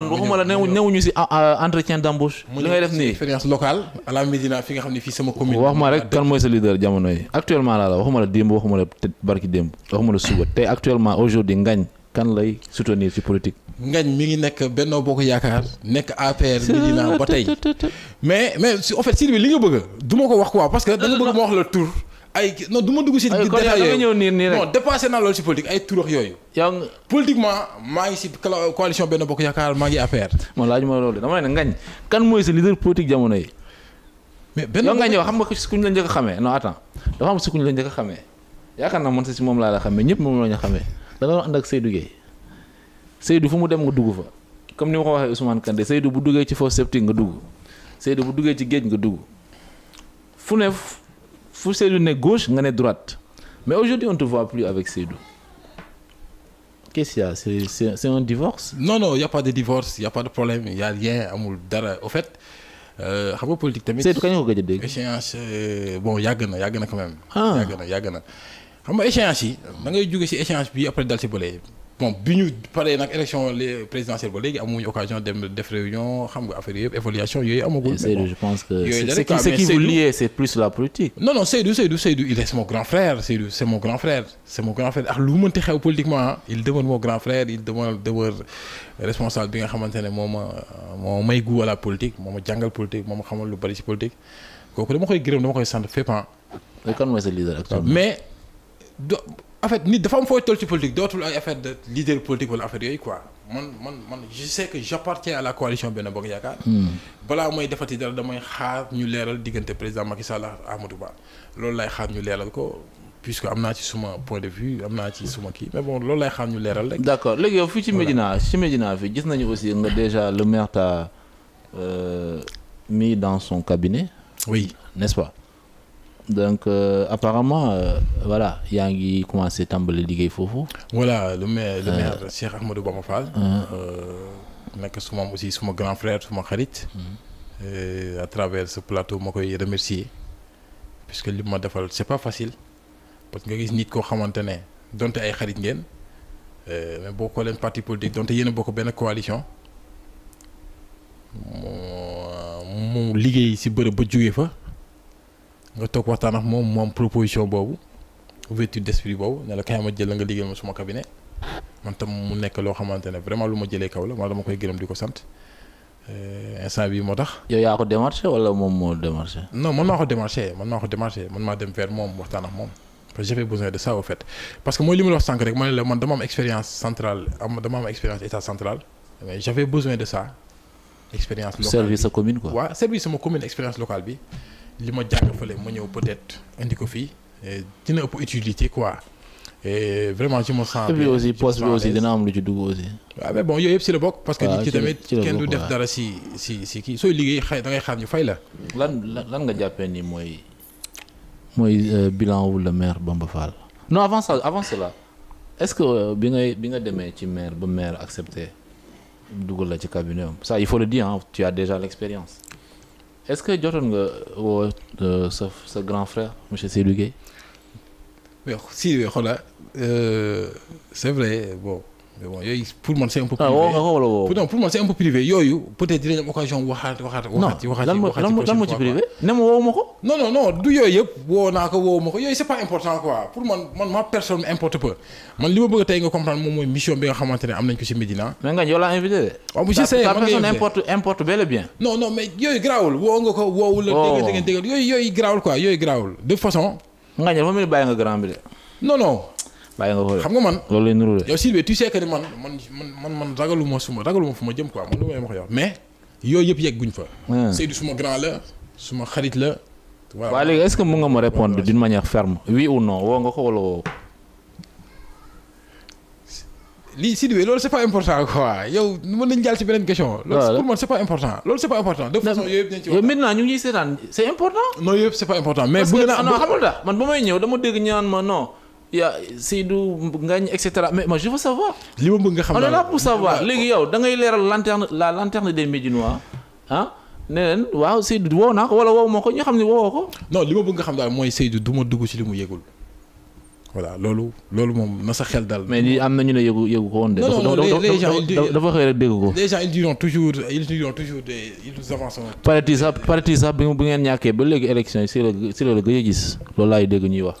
waxuma la new newuñu si ah, ah, entretien d'embauche li ngay def nii expérience rek kan mooy sa leader jamono yi actuellement laa la waxuma la démb waxuma la barki démb waxuma la suba tey actuellement aujourd'hui ngañ kan lay soutenir ci politique ngañ mi ngi nekk Benno Bokk Yaakaar nekk APR Médina ba tey mais mais en si bi li nga bëgg du ko wax quoi parce que da nga bëgg wax la tur ay non du ma dugg si. ay kon ñëw nii yooyu. yow politiquement maa ngi si coalition benn bokk yaakaar maa ngi APR. man laaj ma loolu dama ne ngañ kan mooy sa leader politique jamono yi. mais benn yow ngañ yow xam nga si kuñ la njëkk a xamee non attends dafa am si kuñ la njëkk a xamee yaakaar naa man si moom laa la xamee ñëpp moom la ñu xamee da nga doon ànd ak Seydou Gueye Seydou fu mu dem nga dugg fa comme ni ma ko waxee Ousmane Kandé Seydou bu duggee ci fosse septique nga dugg Seydou bu duggee ci géej nga dugg fu Seydou ne gauche nga ne droite mais aujourd'hui on te voit plus avec Seydou qu'est-ce qu'il a c'est c'est un divorce non non il y a pas de divorce il pas de problème il rien amul dara au fait euh, xam nga politique tamit. Seydou kañ ko gëj a dégg. Euh, bon yàgg na yàgg na quand même. Ah. yàgg na yàgg na xam nga échéance yi da ngay jóge si échéance bi après dal ci bële. bon bi ñu paree nag élection les présidentielles ba léegi amuñu occasion def réunion xam nga affaire yëpp évaluation yooyu amagul. Seydou je pense que ce qui ce qui vous lie c'est plus la politique. non non Seydou Seydou Seydou il est mon grand frère Seydou c'est mon grand frère c'est mon grand frère ak ah, lu mënti xew politiquement il demeure mon grand frère il demeure demeure responsable bi nga xamante ne moo moo may gu à la politique moo ma jàngal moom moo ma xamal lu bari ci politique kooku dama koy gërëm dama koy sant fépp ah. mais kan en fait nit dafa am fooy toll ci politique dootul ay affaire de leader politique wala affaire yooyu quoi man man man je sais que j'appartiens à la coalition Benno Bokk Yaakaar. Hmm. balaa mooy defati dara damay xaar ñu leeral diggante président Macky Sall Amadou Ba loolu lay xaar ñu leeral ko. puisque am naa ci suma point de vue am naa ci suma kii mais bon loolu lay xam ñu leeral rek. d' accord léegi yow fii ci Médina ci Médina fii gis nañu aussi nga déjà le maire t'a euh, mis dans son cabinet. oui n' est donc euh, apparemment euh, yaa ngi commencé tàmbali liggéey foofu. voilà le maire le euh, maire Cheikh Ahmadou Bamba Fall. Euh. Euh, nekk suma aussi suma grand frère suma xarit. Mm-hmm. à travers ce plateau ma koy remercier puisque li ma defal c'est pas facile parce que nga gis nit koo xamante ne donte ay xarit ngeen mais boo ko leen parti politique donte yéen a bokk benn coalition. mu liggéey si bërëb ba jógee fa. nga toog waxtaan ak moom moom proposition boobu ouverture d'esprit boobu ne la jël la nga liggéeyal ma suma cabinet man tam mu nekk loo xamante ne vraiment lu ma jëlee kaw la wala dama koy gërëm di ko sant euh, instant bii moo tax. yow yaa ko démarché wala moom moo démarché. non man maa ko démarché man maa ko démarché man moom waxtaan ak moom parce que j'avais besoin de ça au fait parce que mooy li ma la wax sànq rek ma ne la man dama am expérience centrale am dama am expérience état central mais j'avais de ça. expérience service sa commune quoi. waaw service sama commune expérience locale bi. li ma jàng fële ma ñëw peut-être indi ko fii dina ëpp utilité quoi et vraiment ci me sens bi aussi poste bi aussi dina am lu ci dugg aussi waaw ah, mais bon yooyu yëpp si la bokk parce que nit ki tamit kenn du def dara si si si kii sooy liggéey xëy da ngay xam ñu fay la lan lan nga jàppee ni mooy mooy euh, bilan wu le maire Bamba Fall non avant ça avant est-ce que euh, bi ngay bi nga demee ci maire ba maire accepté dugal la ci cabinet am ça il faut le dire hein tu déjà est-ce que jotoon nga woo euh, sa sa grand frère monsieur Seydou Guèye. oui oh, si xoolaa euh, c'est vrai bon. mais bon yooyu pour man c'est un peu ah, privé non pour man c'est un peu privé yooyu peut-être dinañ am occasion waxaat waxaat waxaat waxaat lan moo ci privé ne ma woowu ma ko non non non du yooyu yëpp woo naa ko woowu ko yooyu c'est pas important quoi pour man ma personne m'importe peu man li ma bëgg a tey nga comprendre moom mooy mission bi nga xamante am nañ ko ci Médina mais nga yow laa invité de waaw ah, monsieur Seye ta personne nga ko fa mu ne bàyyi nga grand bi de non non bàyyi nga ko xam nga man loolu lay nuru de. yow Sylvie tu sais que ni man man man man ragaluma suma ragaluma fu ma jëm quoi man lu may wax yow mais yooyu yëpp yegguñ fa. Seydou suma grand la suma xarit la. waaw waaye léegi est-ce que mun nga ma répondre d'une manière ferme oui ou non woo nga ko wala woo. lii Sidibé loolu c'est pas important quoi yow mën nañu jàll ci beneen question. loolu pour pas important. loolu c'est pas important de façon mais. naa parce que non man ba may ñëw dama dégg ñaan naan ma non. yaa Seydou Ngagne et cetera mais ma je veux savoir. li ma bëgg nga xam on est là pour savoir léegi yow da ngay leeral lanterne la lanterne des Médinois ah. ne leen waaw Seydou woo naa ko wala woo moo ko ñu xam ne woo ko. non li ma bëgg nga xam daal mooy Seydou du ma dugg ci li mu yëgul. voilà loolu loolu moom na sa xel daal. mais lii am na ñu ne yëgu yëgu ko woon de. non non les gens dafa xëy dégg ko. les gens ils diront toujours ils diront toujours des ils nous sax parti sax bi ngeen ñàkkee ba léegi élection yi si la si la gëj a gis loolu laay dégg ñuy wax.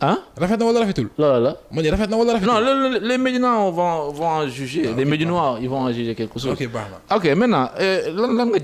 ah rafet na wala rafetul. loolu la ma ne rafet na wala rafetul. non les les vont en juger. Ah, les Médinois ils vont en juger quelque chose. ok baax na ok euh, lan lan